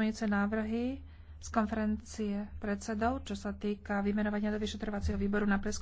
pozmeňujúce návrhy z konferencie predsedov, čo sa týka vymenovania do vyšetrovacieho výboru na preskúmanie